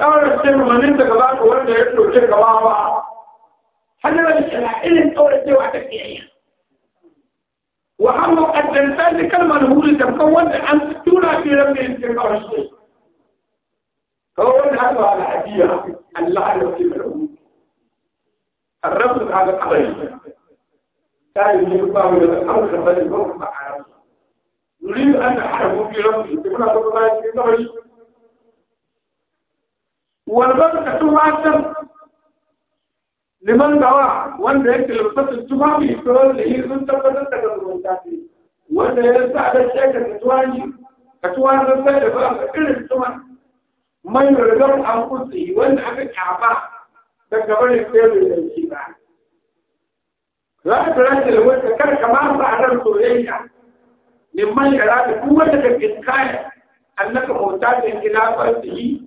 ƙara shirmanin daga ba ka wanda ya ɗauke gaba ba hanyar shari'a irin tsoracewa ta kiyayya wa hamma qaddanta da kalmar huri da kan wanda an tura fi rabbi cikin karshe kawai wanda haka ba al'adiya Allah ya fi rabu الرب على القبل ثاني يقام من الأمر الذي يوقع نريد أن نحرم في ربه كما قلت الله في والبدء تبعثم liman gawa wanda ya tilbasa su ba mai kawar da yi sun tabbatar da gazuwan tafi wanda ya sa da shi ka katuwa ne katuwa na sai da ba a irin tuma mai rigar an kusi wanda aka kyaba da gabar da sai mai yanki ba za ka kira da wata kar ka ma sa ran soyayya liman ya rafi kuma da ka fiskaya annaka mota da kila ba su yi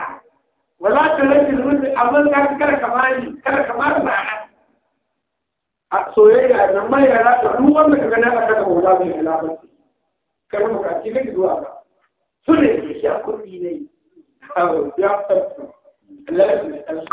wala ta rage zumunci abin da kada ka mani kada ka mara ba a soyayya da mai yara da duk wanda ka gani a kada wala mai alaman kar mu ka kike ki zuwa ba su ne ya kurbi ne ya tabbata Allah ya